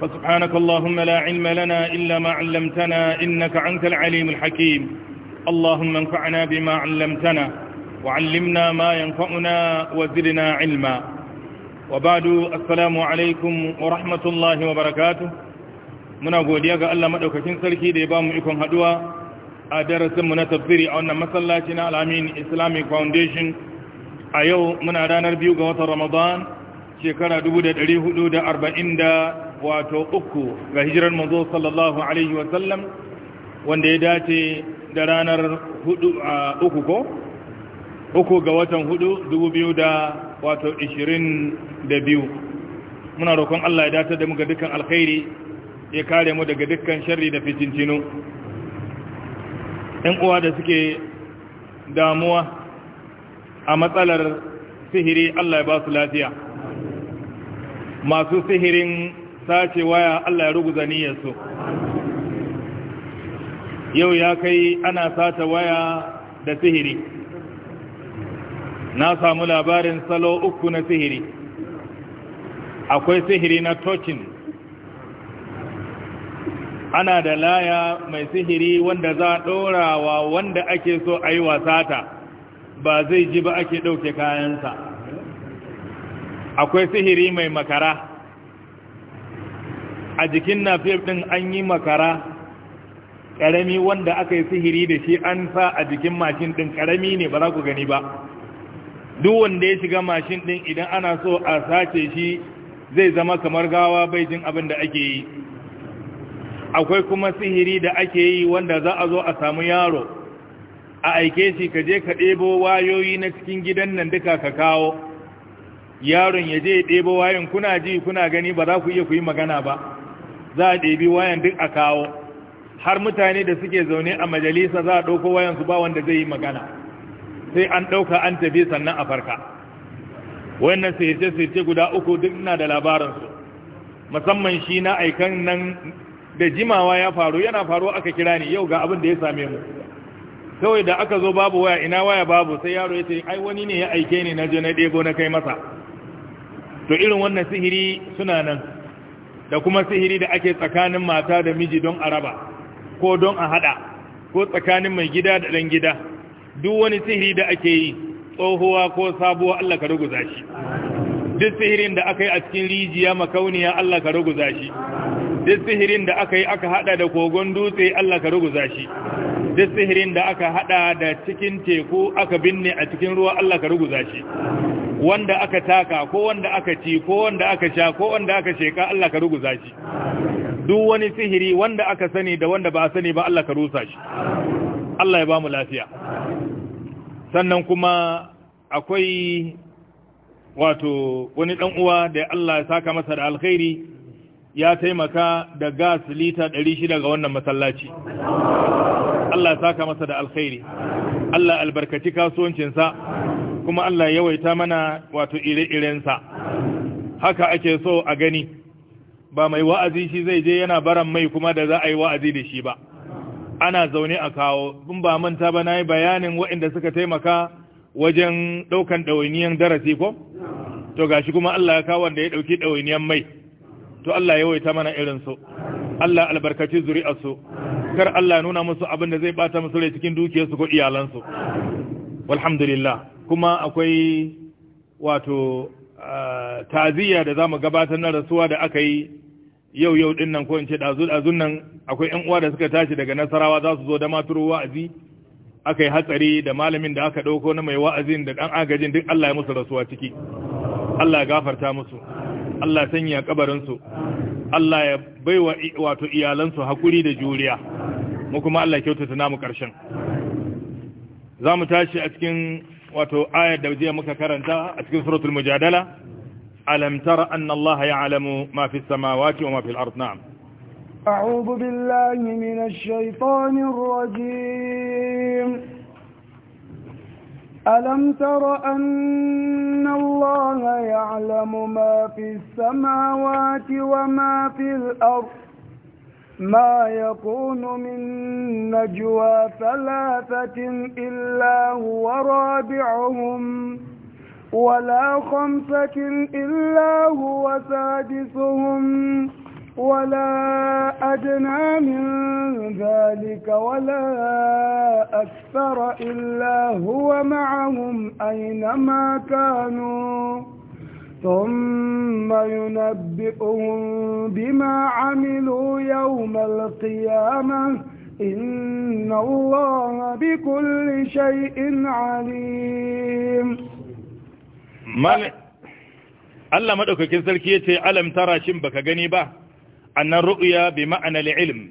فسبحانك اللهم لا علم لنا إلا ما علمتنا إنك أنت العليم الحكيم اللهم انفعنا بما علمتنا وعلمنا ما ينفعنا وزدنا علما وبعد السلام عليكم ورحمة الله وبركاته muna godiya ga Allah madaukakin sarki da ya ba ikon haduwa a darasin mu na tafsiri a wannan masallaci na al Islamic Foundation a yau muna ranar biyu ga watan Ramadan shekara 440 da wato uku ga hijirar manzo sallallahu alaihi wa sallam wanda ya dace da ranar hudu a uku ko uku ga watan hudu dubu biyu da wato ishirin da biyu muna roƙon Allah ya datar da mu ga dukkan alkhairi ya kare mu daga dukkan sharri da fitintinu ɗan uwa da suke damuwa a matsalar sihiri Allah ya ba su lafiya masu sihirin sace waya Allah ya rubuta niyyarsu yau ya kai ana sata waya da sihiri na samu labarin salo uku na sihiri akwai sihiri na tokin ana da laya mai sihiri wanda za a ɗorawa wanda ake so a yi wasata ba zai ji ba ake ɗauke kayansa akwai sihiri mai makara a jikin nafif ɗin an yi makara karami wanda aka yi sihiri da shi an sa a jikin mashin ɗin karami ne ba za ku gani ba duk wanda ya shiga mashin ɗin idan ana so a sace shi zai zama kamar gawa bai jin abin da ake yi akwai kuma sihiri da ake yi wanda za a zo a samu yaro a aike shi ka je ka ɗebo wayoyi na cikin gidan nan duka ka kawo yaron ya je ɗebo wayan kuna ji kuna gani ba za ku iya ku yi magana ba za a ɗebi wayan duk a kawo har mutane da suke zaune a majalisa za a ɗauko wayan su ba wanda zai yi magana sai an ɗauka an tafi sannan a farka wannan sirce-sirce guda uku duk na da labaransu musamman shi na aikan nan da jimawa ya faru yana faru aka kira ni yau ga abin da ya same mu kawai da aka zo babu waya ina waya babu sai yaro ya ce ai wani ne ya aike ni na je na ɗebo na kai masa to irin wannan sihiri suna nan da kuma sihiri da ake tsakanin mata da miji don a raba ko don a hada ko tsakanin mai gida da dan gida duk wani sihiri da ake yi tsohuwa ko sabuwa Allah ka ruguza shi duk sihirin da aka yi a cikin rijiya makauniya Allah ka ruguza shi duk sihirin da aka yi aka hada da kogon dutse Allah ka ruguza shi duk sihirin da aka hada da cikin teku aka binne a cikin ruwa Allah ka ruguza shi wanda aka taka ko wanda aka ci ko wanda aka sha ko wanda aka sheka Allah ka ruguza shi duk wani sihiri wanda aka sani da wanda ba a sani ba Allah ka rusa shi Allah ya ba mu lafiya sannan kuma akwai wato wani dan uwa da Allah ya saka masa da alkhairi ya taimaka da gas lita 600 ga wannan masallaci Allah ya saka masa da alkhairi Allah albarkaci kasuwancinsa kuma Allah ya yawaita mana wato ire-irensa haka ake so a gani ba mai wa'azi shi zai je yana baran mai kuma da za a yi wa'azi da shi ba ana zaune a kawo in ba manta ba na yi bayanin waɗanda suka taimaka wajen ɗaukan ɗawainiyan darasi ko to gashi kuma Allah ya kawo wanda ya ɗauki ɗawainiyan mai to Allah ya yawaita mana irin su Allah albarkaci su. kar Allah nuna musu abin da zai bata musu rai cikin dukiyarsu ko iyalansu walhamdulillah kuma akwai wato taziya da zamu gabatar na rasuwa da aka yi yau yau din nan ko in ce ɗazu-ɗazun nan akwai ‘yan uwa da suka tashi daga nasarawa za su zo da maturu wa'azi aka yi hatsari da malamin da aka ɗauko na mai wa'azin da ɗan agajin duk Allah ya musu rasuwa ciki Allah ya gafarta musu Allah sanya kabarinsu Allah ya baiwa wato iyalansu hakuri da juriya mu kuma Allah kyautata namu ƙarshen za mu tashi a cikin wato ayar da jiya muka karanta a cikin suratul mujadala alam tara anna allaha ya'lamu ma fi samawati wa ma fi al ard na'am a'udhu billahi minash shaitanir rajim ألم تر أن الله يعلم ما في السماوات وما في الأرض ما يكون من نجوى ثلاثة إلا هو رابعهم ولا خمسة إلا هو سادسهم ولا أدنى من ذلك ولا أكثر إلا هو معهم أينما كانوا ثم ينبئهم بما عملوا يوم القيامة إن الله بكل شيء عليم مال الله ما دوكا كين سركي يتي ترى شن بكا ان الرؤيا بمعنى العلم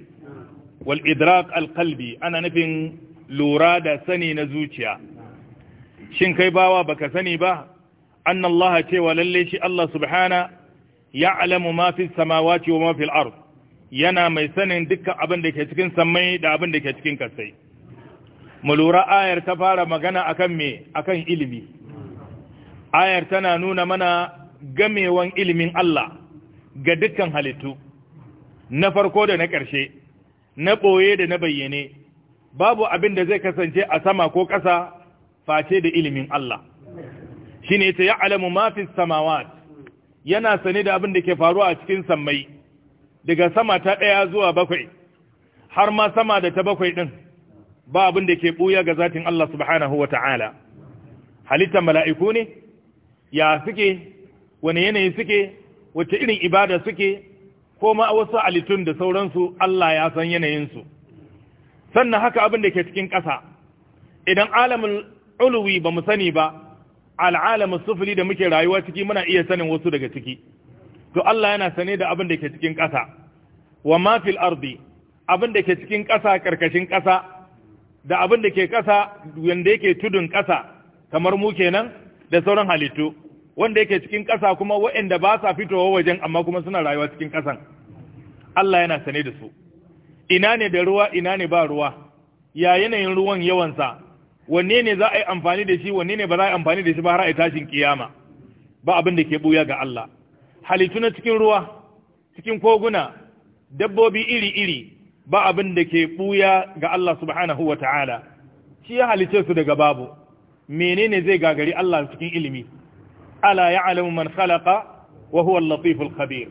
والادراك القلبي انا نفين لورا دا سني نزوچيا شن كاي باوا با anna Allah cewa lallai shi Allah subhana ya ma fi samawati wa ma fil ard yana mai sanin dukkan abin da ke cikin sammai da abin da ke cikin kasai mu lura ayar ta fara magana akan me akan ilimi ayar tana nuna mana gamewan ilimin Allah ga dukkan halittu na farko da na ƙarshe na ɓoye da na bayyane babu abin da zai kasance a sama ko ƙasa face da ilimin Allah shine ya alamu ma fi samawat yana sane da abin da ke faruwa a cikin sammai daga sama ta ɗaya zuwa bakwai har ma sama da ta bakwai ɗin, ba abin da ke buya ga zatin Allah subhanahu wa Ta'ala. Halitta mala'iku ne ya suke wani yanayi suke wace irin ibada suke ko ma wasu alitun da sauransu Allah ya san yanayinsu sannan haka abin da ke cikin ƙasa idan alamin uluwi ba mu sani ba al'alamin sufuri da muke rayuwa ciki muna iya sanin wasu daga ciki to Allah yana sane da abin da ke cikin ƙasa wa ma fil ardi abin da ke cikin ƙasa karkashin ƙasa da abin da ke ƙasa wanda yake tudun ƙasa kamar mu kenan da sauran halittu wanda yake cikin ƙasa kuma waɗanda ba sa fitowa wajen amma kuma suna rayuwa cikin ƙasan Allah yana sane da su ina ne da ruwa ina ne ba ruwa ya yanayin ruwan yawansa wanne ne za a yi amfani da shi wanne ne ba za a yi amfani da shi ba har a yi tashin kiyama ba abin da ke buya ga Allah halittu na cikin ruwa cikin koguna dabbobi iri-iri ba abin da ke buya ga Allah subhanahu wa ta'ala shi ya halice su daga babu menene zai gagari Allah cikin ilimi ala ya'lamu man khalaqa wa huwa al-latiful khabir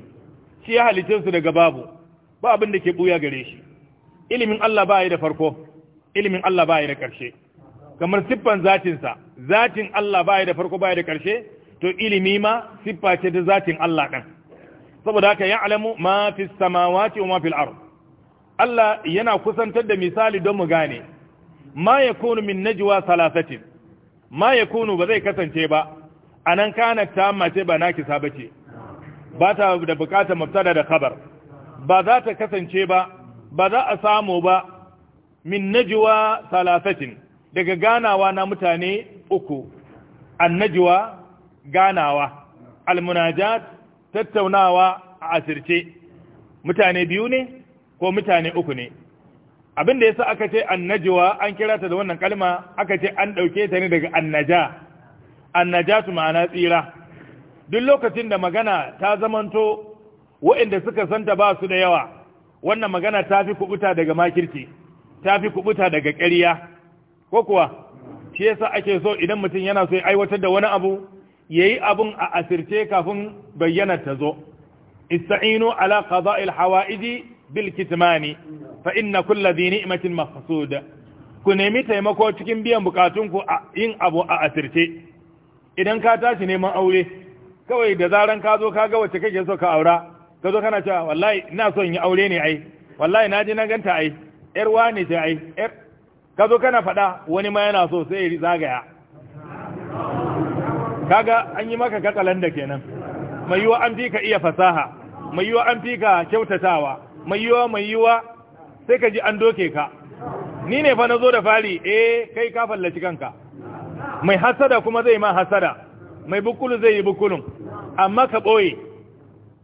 shi ya halice su daga babu ba abin da ke buya gare shi ilimin Allah ba ya da farko ilimin Allah ba ya da ƙarshe kamar siffan zatinsa zatin Allah baya da farko baya da karshe to ilimi ma siffa ce ta zatin Allah ɗan saboda haka ya'lamu ma fi samawati wa ma fil ard Allah yana kusantar da misali don mu gane ma yakunu min najwa salasatin ma yakunu ba zai kasance ba anan kana ta mace ba naki sabace ba ta da bukatar mubtada da khabar ba za ta kasance ba ba za a samu ba min najwa salasatin daga ganawa na mutane uku annajuwa ganawa almunajat tattaunawa a asirce mutane biyu ne ko mutane uku ne abinda yasa aka ce annajuwa an kira ta da wannan kalma aka ce an dauke ta ne daga annaja annajatu ma'ana tsira duk lokacin da magana ta zamanto waɗanda suka santa ba su da yawa wannan magana ta fi kubuta daga makirci ta fi kubuta daga ƙarya ko kuwa shi yasa ake so idan mutum yana so ya aiwatar da wani abu yayi abun a asirce kafin bayyana ta zo ista'inu ala qada'il hawa'iji bil kitmani fa inna kulli dhi ni'matin mahsuda ku nemi taimako cikin biyan bukatun a yin abu a asirce idan ka tashi neman aure kawai da zaran ka zo ka ga wacce kake so ka aura ka zo kana cewa wallahi ina so in yi aure ne ai wallahi na na ganta ai yar wani ce ai ka zo kana faɗa wani ma yana so sai ya zagaya kaga an yi maka da kenan mai yiwa an fi ka iya fasaha mai yiwa an fi ka kyautatawa mai yiwa mai yiwa sai ka ji an doke ka ni ne fa na zo da fari eh kai ka fallaci kanka mai hasada kuma zai ma hasada mai bukulu zai yi bukulun amma ka ɓoye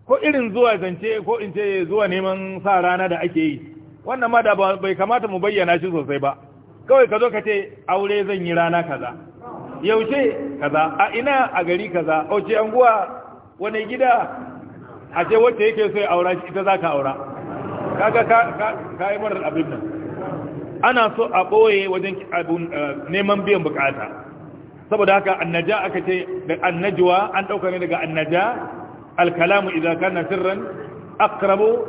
ko irin zuwa zance ko in ce zuwa neman sa rana da ake yi wannan ma da bai kamata mu bayyana shi sosai ba kawai ka zo ka ce aure zan yi rana kaza yaushe kaza a ina a gari kaza a ce anguwa wani gida a ce wacce yake so ya aura shi ita za ka aura kaga ka yi marar abin nan ana so a ɓoye wajen eh, neman biyan bukata saboda haka annaja aka ce da annajuwa an ɗauka ne daga annaja alkalamu idan kana sirran akrabu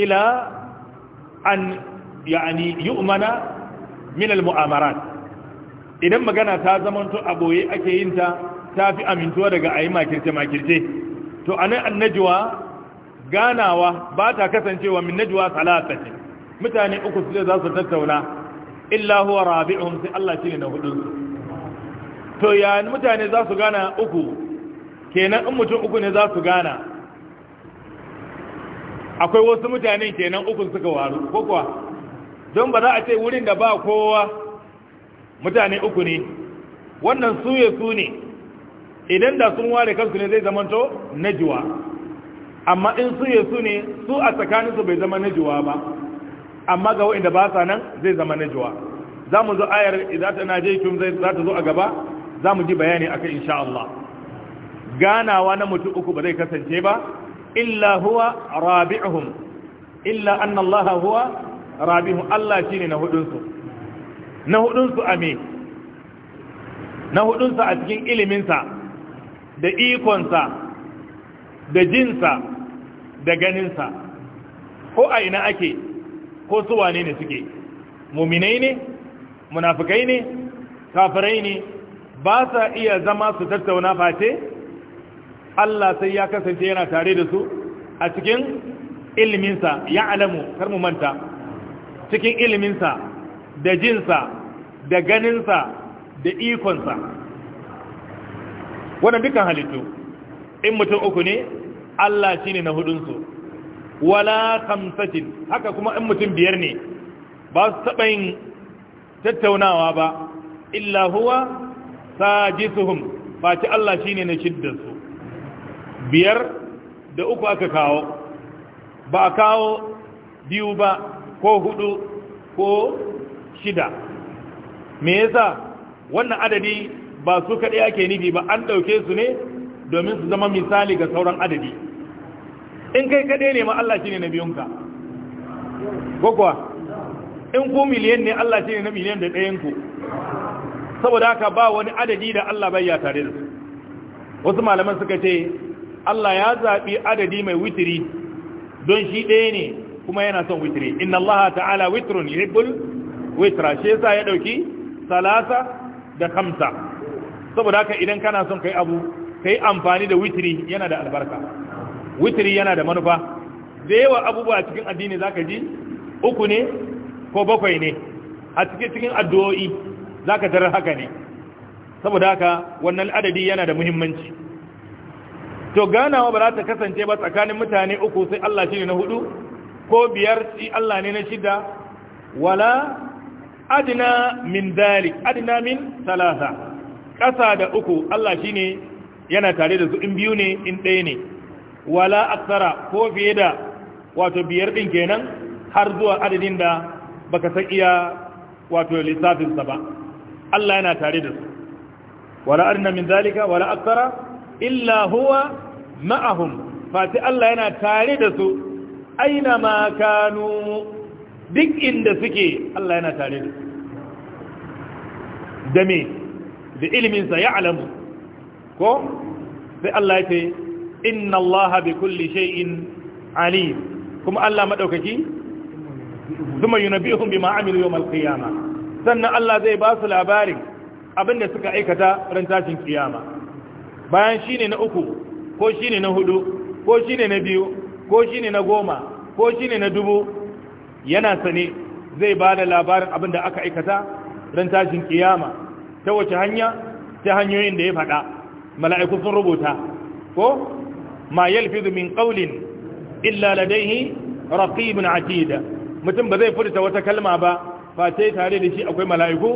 ila an ya'ani umana min al-mu'amarat idan magana ta zamanto a boye ake yin ta fi amintuwa daga ayi makirce makirce to anan annajwa ganawa ba ta kasancewa min najwa salatati mutane uku su za su tattauna illa huwa rabi'un sai Allah shine na hudu to ya mutane za su gana uku kenan in mutum uku ne za su gana akwai wasu mutane kenan uku suka waru ko kuwa don ba za a ce wurin da ba kowa mutane uku ne wannan suye su ne idan da sun ware kansu ne zai zamanto najuwa amma in suye su ne su a tsakaninsu bai zama najuwa ba amma ga waɗanda ba sa nan zai zama najuwa za mu zo ayar za ta naje kyum za ta zo a gaba za mu ji bayani a kai insha Allah ganawa na mutum uku ba zai kasance ba illa huwa rabi'uhum illa anna Allah huwa rabihu Allah shi ne na hudunsu na hudunsu a me na hudunsu a cikin iliminsa da ikonsa da jinsa da ganinsa ko a ina ake ko su wane ne suke muminai ne munafikai ne kafirai ne ba sa iya zama su tattauna face Allah sai ya kasance yana tare da su a cikin ilminsa ya alamu kar mu manta cikin iliminsa da jinsa da ganinsa da ikonsa wannan dukan halittu in mutum uku ne Allah shi ne na hudunsu wala kamsatin haka kuma in mutum biyar ne ba su taɓa yin tattaunawa ba illa huwa sajisuhum faci Allah shi ne na su. biyar da uku aka kawo ba a kawo biyu ba ko hudu ko shida me yasa wannan adadi ba su kaɗai ake nufi ba an ɗauke su ne domin su zama misali ga sauran adadi in kai kaɗai ne ma Allah shi ne na biyunka in ku miliyan ne Allah shi ne na miliyan da ɗayanku saboda haka ba wani adadi da Allah bai ya tare da su wasu malaman suka ce Allah ya zaɓi adadi mai witiri don shi ɗaya ne kuma yana son witri inna allaha ta'ala witrun yuhibbul witra shi yasa ya dauki salasa da khamsa saboda haka idan kana son kai abu kai amfani da witri yana da albarka witri yana da manufa da yawa abubuwa cikin addini zaka ji uku ne ko bakwai ne a cikin cikin addu'o'i zaka tarar haka ne saboda haka wannan adadi yana da muhimmanci to ganawa ba za ta kasance ba tsakanin mutane uku sai Allah shi ne na hudu ko biyar shi Allah ne na shida wala adina min dalik adina min talata ƙasa da uku Allah shi ne yana tare da su in biyu ne in ɗaya ne wala aksara ko fiye da wato biyar ɗin kenan har zuwa adadin da baka san iya wato lissafinsa ba Allah yana tare da su wala adina min dalika wala aksara illa huwa ma'ahum fati Allah yana tare da su aina ma kanu duk inda suke Allah yana tare da su da me da iliminsa ya alamu ko sai Allah ya ce inna Allah bi kulli shay'in alim kuma Allah madaukaki zuma yunabihum bima amilu yawm alqiyama qiyama sannan Allah zai ba su labarin abinda suka aikata ran tashin kiyama bayan shine na uku ko shine na hudu ko shine na biyu ko shine na goma ko shi ne na dubu yana sane zai ba da labarin abin da aka aikata ran tashin kiyama ta wace hanya ta hanyoyin da ya faɗa mala'iku sun rubuta ko ma yalfizu min qawlin illa ladayhi raqibun atida mutum ba zai furta wata kalma ba sai tare da shi akwai mala'iku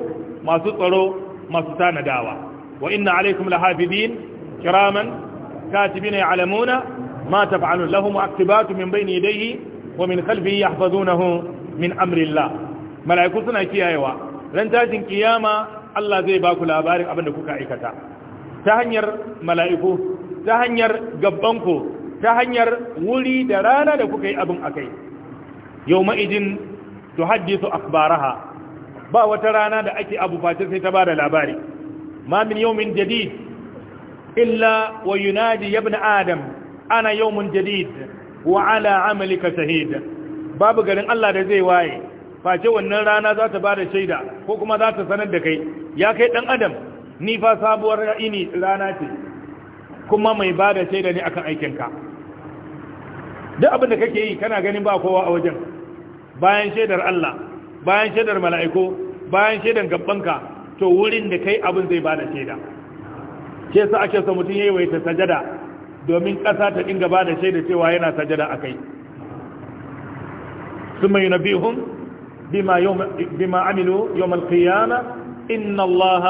masu tsaro masu tanadawa wa inna alaikum lahafidin kiraman katibina ya'lamuna ma taf'alun lahum aktibatu min bayni yadayhi wa min khalfihi yahfazunahu min amrillah mala'iku suna kiyayewa ran tashin kiyama Allah zai baku ku labarin abin da kuka aikata ta hanyar mala'iku ta hanyar gabbanku ta hanyar wuri da rana da kuka yi abin akai yawma idin tuhaddisu akhbaraha ba wata rana da ake abu face sai ta ba da labari ma min yawmin jadid illa wa yunadi ya ibn adam ana yawmun jadid wa ala amalika shahida babu garin Allah da zai waye face wannan rana za ta bada shaida ko kuma za ta sanar da kai ya kai dan adam ni fa sabuwar ini rana ce kuma mai bada shaida ne akan aikin ka duk abin da kake yi kana ganin ba kowa a wajen bayan shaidar Allah bayan shaidar mala'iku bayan shaidar gabbanka to wurin da kai abin zai bada shaida ke sa ake so mutum yayi wai ta sajada domin ƙasa ta dinga bada da shaida cewa yana sajada a kai ثم ينبئهم بما يوم بما عملوا يوم القيامة إن الله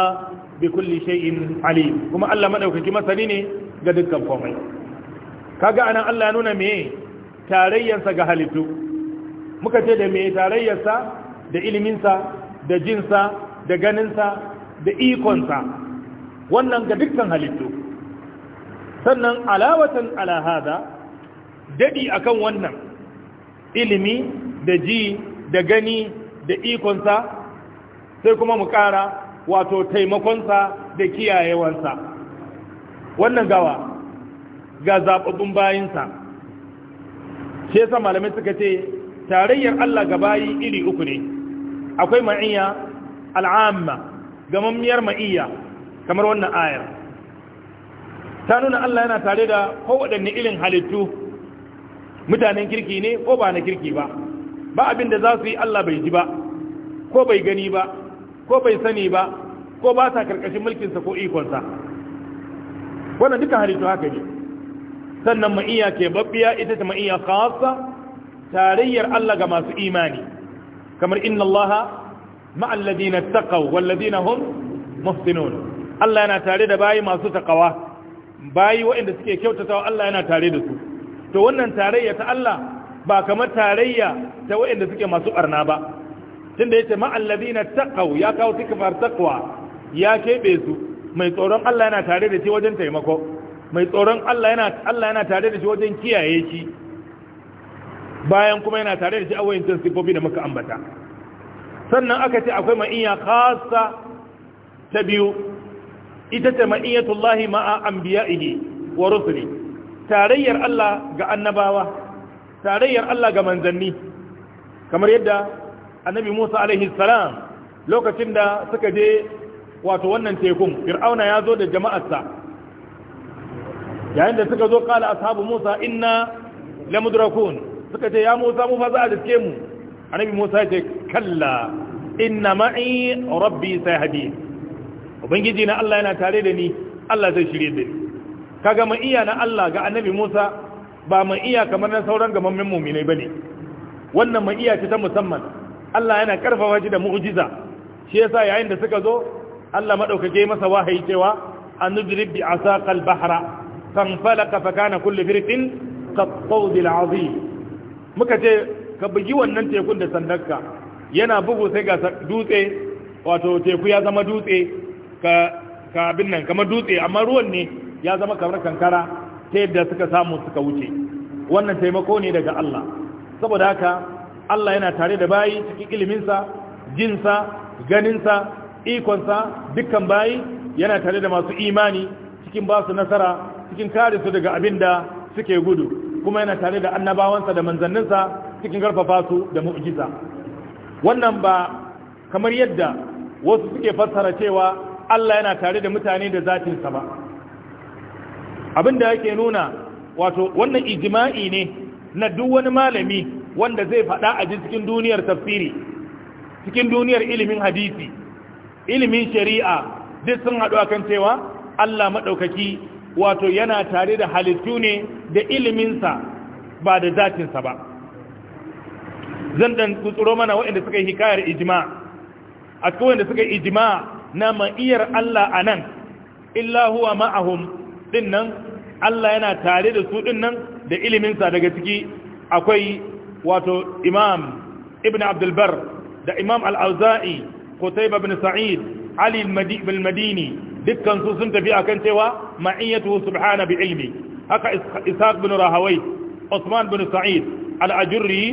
بكل شيء عليم كما الله ما دوكي ne ga dukkan komai kaga anan Allah nuna me tarayyarsa ga halittu muka ce da me tarayyarsa, da iliminsa da jinsa, da ganinsa, da ikonsa? wannan ga dukkan halittu sannan alawatan ala daɗi dadi akan wannan ilimi da ji da gani da ikonsa sai kuma mu ƙara wato taimakonsa da kiyayewansa wannan gawa ga zaɓaɓɓun bayinsa shi sa malamai suka ce tarayyar Allah ga bayi iri uku ne akwai ma'iyya al'amma gamammiyar ma'iyya kamar wannan ayar ta nuna Allah yana tare da kowaɗanne irin halittu mutanen kirki ne ko ba na kirki ba ba abin da za su yi Allah bai ji ba ko bai gani ba ko bai sani ba ko ba sa karkashin mulkinsa ko ikonsa wannan duka halittu haka ne sannan ma'iya ke babbiya ita ta ma'iya kawasa tarayyar Allah ga masu imani kamar inna Allah ma'al taqaw wal hum muhsinun Allah yana tare da bayi masu taqawa bayi waɗanda suke kyautatawa Allah yana tare da su to wannan tarayya ta Allah ba kamar tarayya ta waɗanda suke masu barna ba tunda yace ma allazina taqaw ya kawo tikfar taqwa ya kebe su mai tsoron Allah yana tare da shi wajen taimako mai tsoron Allah yana Allah yana tare da shi wajen kiyaye shi bayan kuma yana tare da shi a wayancin sifofi da muka ambata sannan aka ce akwai ma'iyya khassa ta biyu ita ta ma'iyyatullahi ma'a anbiya'ihi wa rusuli tarayyar Allah ga annabawa tarayyar Allah ga manzanni kamar yadda annabi Musa alaihi salam lokacin da suka je wato wannan tekun fir'auna ya zo da jama'arsa yayin da suka zo kala ashabu Musa inna lamudrakun suka ce ya Musa mu fa za a diske mu annabi Musa ya ce kalla inna ma'i rabbi sayhadin ubangiji na Allah yana tare da ni Allah zai shirye da ni kaga mai iya na Allah ga annabi Musa ba mai iya kamar na sauran gamammin mu'minai bane wannan mai iya ce ta musamman Allah yana karfafa shi da mu'jiza shi yasa yayin da suka zo Allah madaukake masa wahayi cewa anudrib bi asaqal bahra fanfalaka fa kana kullu firqin qat-tawd al-azim muka ce ka bugi wannan tekun da sandarka yana bugu sai ga dutse wato teku ya zama dutse ka abin nan kamar dutse amma ruwan ne ya zama kamar kankara ta yadda suka samu suka wuce wannan taimako ne daga Allah saboda haka Allah yana tare da bayi cikin iliminsa jinsa ganinsa ikonsa dukkan bayi yana tare da masu imani cikin basu nasara cikin kare su daga abin da suke gudu kuma yana tare da annabawansa da manzanninsa cikin karfafa su da mu'jiza wannan ba kamar yadda wasu suke fassara cewa Allah yana tare da mutane da zatinsa ba abinda yake nuna wato wannan ijma'i ne na duk wani malami wanda zai faɗa a cikin duniyar tafsiri cikin duniyar ilimin hadisi ilimin shari'a duk sun haɗu akan cewa Allah maɗaukaki wato yana tare da halittu ne da iliminsa ba da zatinsa ba zan ɗan tsoro mana waɗanda suka yi hikayar ijma a cikin waɗanda suka yi ijma na ma'iyar Allah a nan illa huwa ma'ahum din nan Allah yana tare da su din nan da iliminsa daga ciki akwai wato imam ibn abdulbar da imam al'auza'i kutaiba bin sa'id ali bin madini dukkansu sun tafi akan cewa ma'iyyatu subhana bi ilmi haka ishaq bin rahawai usman bin sa'id al'ajurri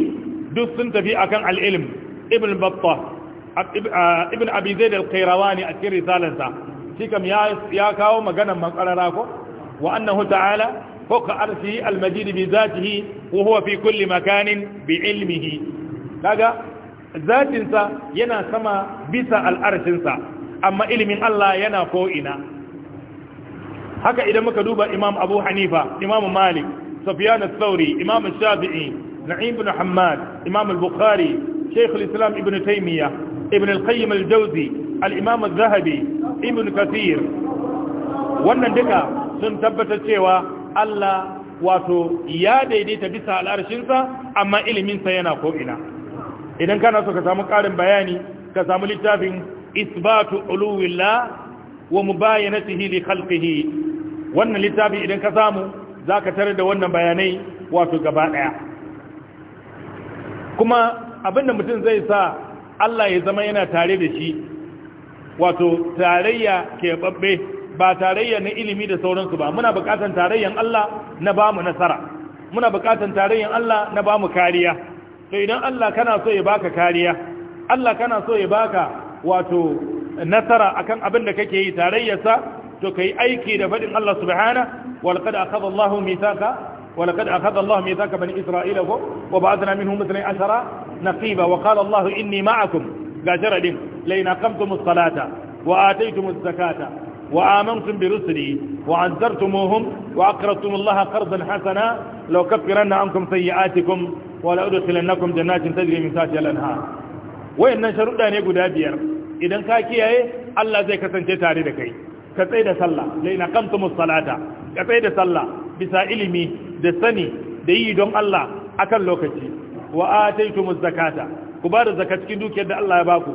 duk sun tafi akan al'ilm ibn battah Ah, ibn abi zaid al-qayrawani a cikin risalarsa shi ya kawo maganar makarara ko wa annahu ta'ala fawqa arshi al-majid bi zatihi wa huwa fi kulli makanin bi ilmihi kaga zatinsa yana sama bisa al'arshinsa amma ilimin Allah yana ko ina haka idan muka duba imam abu hanifa imam malik sufyan al-thawri imam shafi'i na'im ibn hammad imam al-bukhari shaykh al-islam ibn ibn al-qayyim al-jawzi al-imam az-zahabi ibn kathir wannan duka sun tabbatar cewa Allah wato ya daidaita bisa al'arshinsa amma iliminsa yana ko'ina idan kana so ka samu ƙarin bayani ka samu littafin isbatu uluwillah wa mubayanatihi li khalqihi wannan littafi idan ka samu zaka tare da wannan bayanai wato gaba daya kuma abinda mutum zai sa Allah ya zama yana tare da shi wato tarayya babbe ba tarayya na ilimi da sauransu ba muna bukatan tarayyan Allah na bamu nasara muna buƙatar tarayyan Allah na bamu kariya to idan Allah kana so ya baka kariya Allah kana so ya baka wato nasara akan abin da kake yi tarayyarsa to kai aiki da faɗin Allah subhana wa laqad akhadha Allahu mithaqa ولقد أخذ الله ميثاق بني إسرائيل وبعثنا منهم اثني عشر نقيبا وقال الله إني معكم قاشر لئن أقمتم الصلاة وآتيتم الزكاة وآمنتم برسلي وعزرتموهم وأقرضتم الله قرضا حسنا لو كفرن عنكم سيئاتكم ولأدخلنكم جنات تجري من تحتها الأنهار وإن شرطا يقول أبير إذا كاكي أي الله زي كسنتي تاري لكي كتيد صلى لئن أقمتم الصلاة كتيد صلى بسا إلمي da sani da yi don Allah akan lokaci wa ataytumuz zakata ku ba da zakat cikin dukiyar da Allah ya ba ku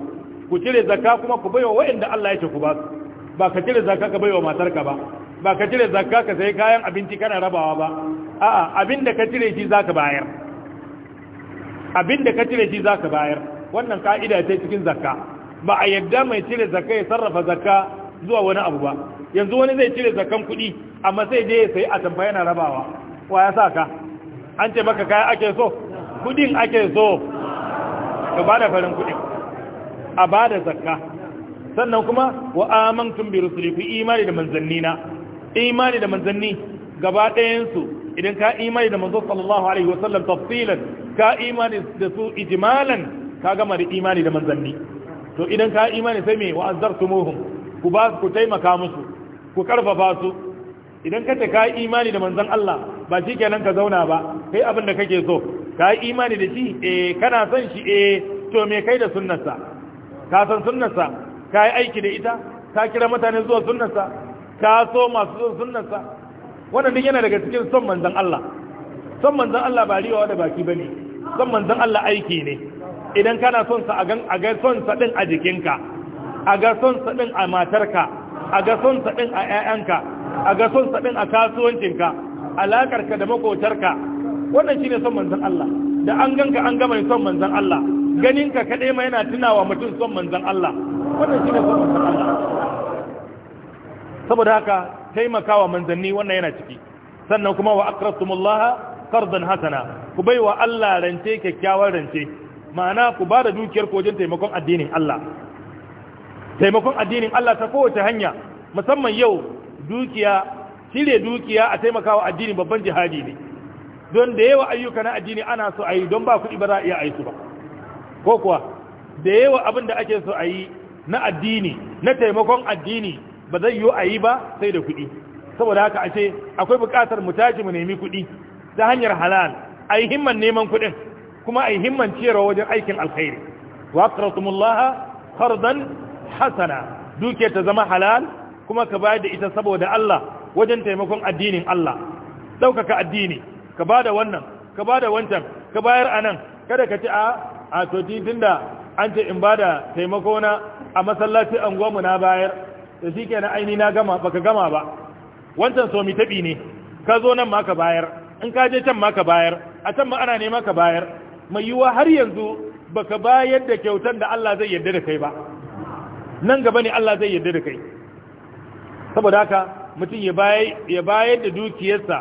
ku cire zakka kuma ku baiwa waɗanda Allah ya ce ku ba su ba ka cire zakka ka baiwa ka ba ba ka cire zakka ka sai kayan abinci kana rabawa ba a'a abinda ka cire shi zaka bayar abinda ka cire shi zaka bayar wannan ka'ida ce cikin zakka ba a yadda mai cire zakka ya sarrafa zakka zuwa wani abu ba yanzu wani zai cire zakkan kuɗi amma sai je ya sayi a tambaya yana rabawa wa ya sa ka an ce maka kaya ake so kudin ake so ka ba da farin kudin a ba da zakka sannan kuma wa amantun bi rusuli ku imani da manzanni na imani da manzanni gaba ɗayansu idan ka imani da manzo sallallahu alaihi wasallam tafsilan ka imani da su ijmalan ka gama da imani da manzanni to idan ka imani sai me wa'azzartumuhum ku ba ku taimaka musu ku karfafa su idan ka ta ka imani da manzon Allah ba shi kenan ka zauna ba kai abin da kake so ka yi imani da shi eh kana son shi eh to me kai da sunnarsa ka san sunnarsa ka yi aiki da ita ka kira mutane zuwa sunnarsa ka so masu zuwa sunnarsa wannan yana daga cikin son manzon Allah son manzon Allah ba riwa da baki bane son manzon Allah aiki ne idan kana son sa a ga a ga son sa din a jikinka a ga son sa din a matarka a ga son sa din a ƴaƴanka a ga son sa din a kasuwancinka alakarka da makotarka wannan shine son manzon Allah da an ganka an gama son manzon Allah ganinka kaɗai ma yana tunawa mutum son manzon Allah wannan shine son manzon Allah saboda haka taimakawa manzanni wannan yana ciki sannan kuma wa akrastumullah qardan hasana ku baiwa Allah rance kyakkyawar rance ma'ana ku ba da dukiyar ku wajen taimakon addinin Allah taimakon addinin Allah ta kowace hanya musamman yau dukiya cire dukiya a taimakawa addini babban jihadi ne don da yawa ayyuka na addini ana so a yi don ba kuɗi ba za a iya aisu ba ko kuwa da yawa abin da ake so a yi na addini na taimakon addini ba zai yi a yi ba sai da kuɗi saboda haka a ce akwai buƙatar mu tashi mu nemi kuɗi ta hanyar halal a yi himman neman kuɗin kuma a yi himman ciyarwa wajen aikin alkhairi wa qartumullaha fardan hasana duke ta zama halal kuma ka bayar da ita saboda Allah wajen taimakon addinin Allah ɗaukaka addini ka ba da wannan ka ba da wancan ka bayar a nan kada ka ci a a toti da an ce in ba da taimako na a masallaci anguwanmu na bayar da shi na aini na gama baka gama ba wancan somi taɓi ne ka zo nan ma ka bayar in ka je can ma ka bayar a can ma ana ma ka bayar mai yiwuwa har yanzu baka bayar da kyautar da Allah zai yarda da kai ba nan gaba ne Allah zai yarda da kai saboda haka mutum ya bayar da dukiyarsa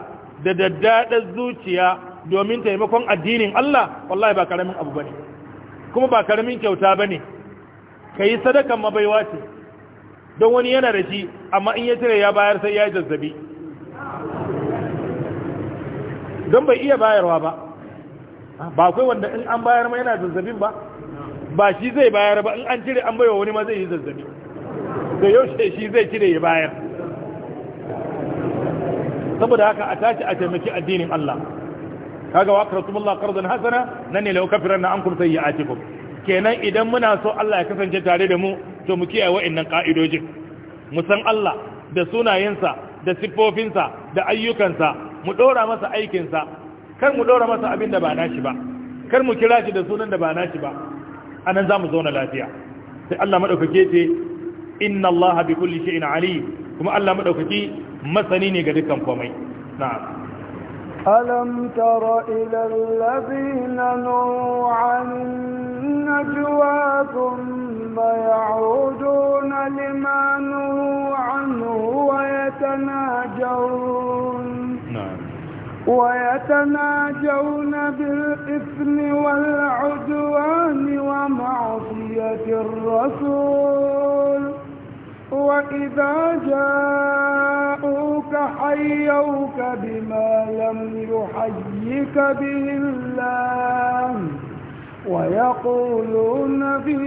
da daddadar zuciya domin taimakon addinin Allah wallahi ba karamin abu bane kuma ba karamin kyauta bane kai sadakan mabaiwa ce don wani yana da shi amma in ya cire ya bayar sai ya jazzabi don bai iya bayarwa ba ba kai wanda in an bayar ma yana zazzabin ba ba shi zai bayar ba in an cire an baiwa wani ma zai yi zazzabi da yaushe shi zai cire ya bayar saboda haka a tashi a taimaki addinin Allah kaga wa karatumullahi qardan hasana nan ne law kafiranna ankum sayyi'atikum kenan idan muna so Allah ya kasance tare da mu to mu kiyaye wa'annan ka'idojin mu san Allah da sunayensa da siffofinsa da ayyukansa mu dora masa aikinsa kar mu dora masa abin da ba nashi ba kar mu kira shi da sunan da ba nashi ba anan zamu zauna lafiya sai Allah madaukake ce inna Allah bi kulli shay'in alim kuma Allah madaukake masani ne ga dukan komai نعم ألم تر إلى الذين نهوا عن النجوى ثم يعودون لما نهوا عنه ويتناجون نعم. ويتناجون بالإثم والعدوان ومعصية الرسول وإذا جاءوك حيوك بما لم يحيك به الله ويقولون في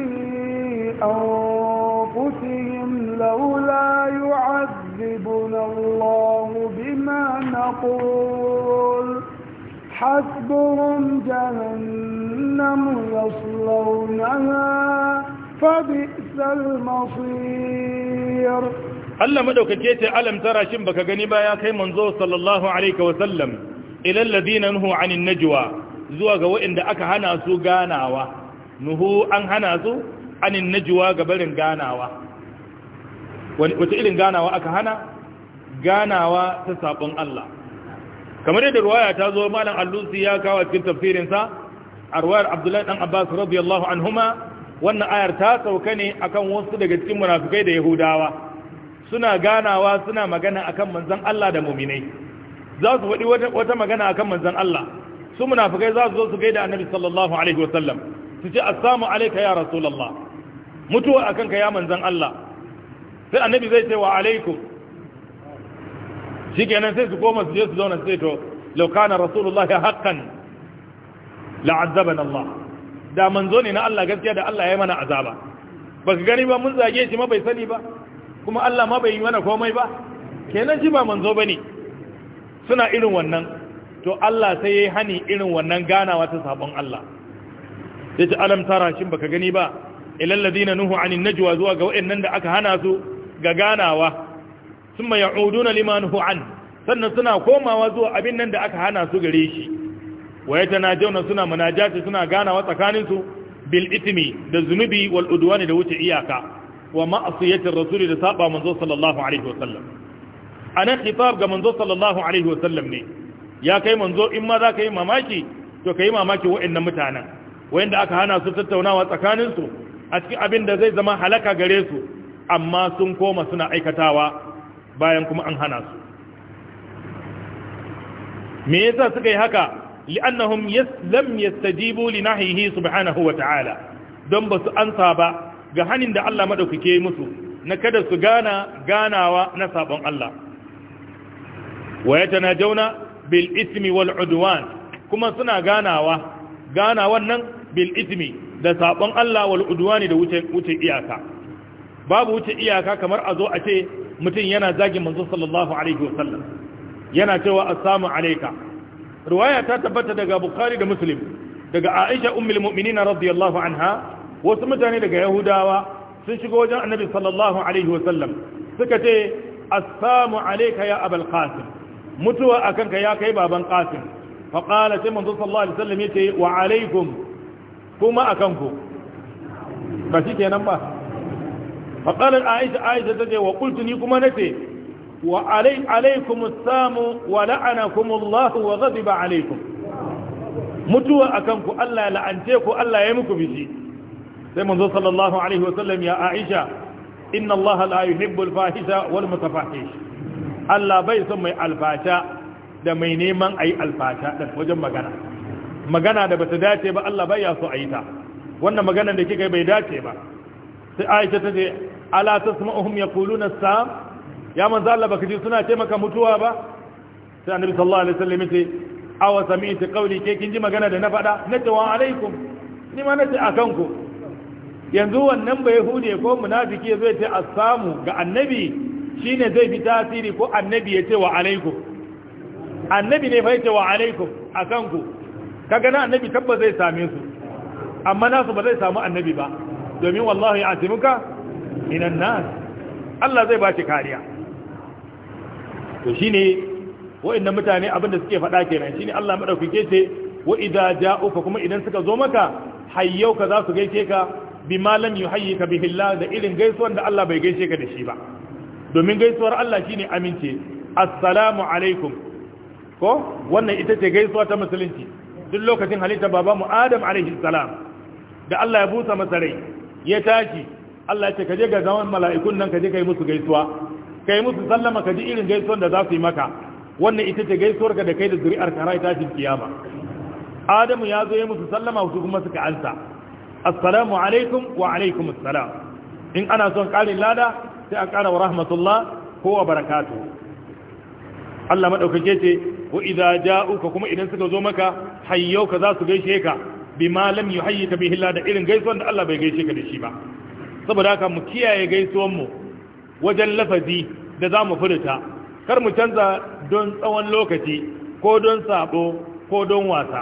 أنفسهم لولا يعذبنا الله بما نقول حسبهم جهنم يصلونها فبئس المصير Allah madaukake ce alam tara shin baka gani ba ya kai manzo sallallahu alaihi wa sallam ila alladhina nuhu anin najwa zuwa ga waɗanda aka hana su ganawa nuhu an hana su anin najwa ga barin ganawa wata ganawa aka hana ganawa ta sabon Allah kamar yadda ruwaya ta zo malam al-Lusi ya kawo cikin tafsirinsa. a ruwayar Abdullahi dan Abbas radiyallahu anhuma wannan ayar ta sauka ne akan wasu daga cikin munafikai da yahudawa suna ganawa suna magana akan manzan Allah da mu'minai za su faɗi wata magana akan manzan Allah su munafikai za su zo su gaida annabi sallallahu alaihi wasallam su ce assalamu alayka ya rasulullah mutuwa akan ka ya manzan Allah sai annabi zai ce wa alaikum shikenan sai su koma su je su zauna su ce to law kana rasulullahi haqqan la'azzabana Allah da manzo ne na Allah gaskiya da Allah ya mana azaba baka gani ba mun zage shi ma bai sani ba kuma Allah ma bai yi mana komai ba kenan shi ba manzo bane suna irin wannan to Allah sai yayi hani irin wannan ganawa ta sabon Allah yace alam tara shin baka gani ba ilal ladina nuhu anin najwa zuwa ga wayannan da aka hana su ga ganawa thumma ya'uduna liman hu an sannan suna komawa zuwa abin nan da aka hana su gare shi na jauna suna munajati suna ganawa tsakaninsu bil itmi da zunubi wal udwani da wuce iyaka wa ma'asiyatir rasuli da saba manzo sallallahu alaihi wasallam anan khitab ga manzo sallallahu alaihi wasallam ne ya kai manzo in ma za ka yi mamaki to ka yi mamaki wa'annan mutanen wayanda aka hana su tattaunawa tsakaninsu a cikin abin da zai zama halaka gare su amma sun koma suna aikatawa bayan kuma an hana su me yasa suka yi haka li'annahum lam yastajibu li nahyihi subhanahu wa don ba su ansa ba ga hanin da Allah madaukake musu na kada su gana ganawa na sabon Allah wa yatanajawna bil ismi wal udwan kuma suna ganawa ganawan nan bil ismi da sabon Allah wal udwani da wuce iyaka babu wuce iyaka kamar a zo a ce mutum yana zagin manzo sallallahu alaihi wasallam yana cewa samu alaika. riwaya ta tabbata daga bukhari da muslim daga aisha ummul mu'minin radiyallahu anha wasu mutane daga yahudawa sun shigo wajen annabi sallallahu alaihi wasallam suka ce assalamu alayka ya abul qasim mutuwa akanka ya kai baban qasim fa qala sai manzo sallallahu alaihi wasallam yace wa alaikum kuma akanku ba shi kenan ba fa qala aisha aisha tace wa qultu ni kuma nace وعلي عليكم السام ولعنكم الله وغضب عليكم mutuwa a kanku Allah la'ance ku Allah ya muku bishi sai manzo sallallahu alaihi wa sallam ya Aisha inna Allah la yuhibbu al-fahisha wal mutafahish Allah bai alfasha da mai neman yi alfasha wajen magana magana da bata dace ba Allah bai ya so yi ta wannan magana da kika bai dace ba sai Aisha ta ce ala tasma'uhum yaquluna sam ya manzo Allah baka ji suna taimaka mutuwa ba sai annabi sallallahu alaihi wasallam yace aw sami'ti qawli ke kin ji magana da na faɗa nace wa alaikum ni ma nace akan ku yanzu wannan bai hude ko munafiki zai ce assamu ga annabi shine zai fi tasiri ko annabi yace wa alaikum annabi ne fa yace wa alaikum akan ku kaga na annabi tabba zai same su amma nasu ba zai samu annabi ba domin wallahi ya atimuka minan nas Allah zai ba shi kariya to shine wa'annan mutane abin da suke faɗa kenan shine Allah ke ce wa idza ja'uka kuma idan suka zo maka ka za su gaishe ka bima lam yuhayyika bihi Allah da irin gaisuwar da Allah bai gaishe ka da shi ba domin gaisuwar Allah shine amince assalamu alaikum ko wannan ita ce gaisuwa ta musulunci duk lokacin halitta mu Adam alaihi salam da Allah ya busa masarai ya tashi Allah ya ce je ga zaman mala'ikun nan ka je ka yi musu gaisuwa kai musu sallama ka ji irin gaisuwar da za su yi maka wannan ita ce gaisuwar ka da kai da zuri'ar ka rai tashin kiyama adamu ya zo ya musu sallama su kuma suka ansa assalamu alaikum wa alaikum assalam in ana son karin lada sai a kara wa rahmatullah ko wa barakatu Allah madaukake ce wa idza ja'uka kuma idan suka zo maka hayyauka za su gaishe ka bima lam yuhayyika bihi Allah da irin gaisuwar da Allah bai gaishe ka da shi ba saboda haka mu kiyaye gaisuwar mu wajen lafazi da za mu furta kar mu canza don tsawon lokaci ko don sabo ko don wasa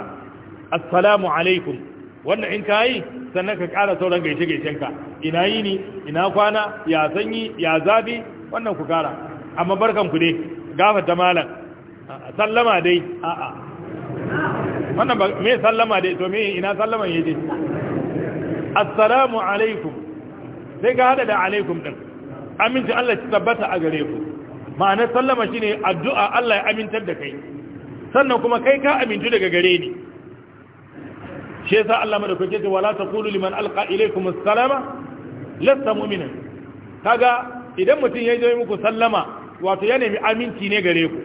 assalamu alaikum wannan in kayi sannan ka ƙara sauran gaishe-gaishenka ina yi ni ina kwana ya sanyi ya zabi wannan ku ƙara amma barkanku dai ta malam sallama dai a'a wannan me sallama dai to me ina sallaman yaje assalamu alaikum sai ka hada da alaikum din aminci Allah ya tabbata a gare ku ma'anar sallama shine addu'a Allah ya amintar da kai sannan kuma kai ka amintu daga gare ni shi yasa Allah madaukake ce wala taqulu liman alqa ilaykum assalama lasta mu'minan kaga idan mutum ya yi muku sallama wato ya nemi aminci ne gare ku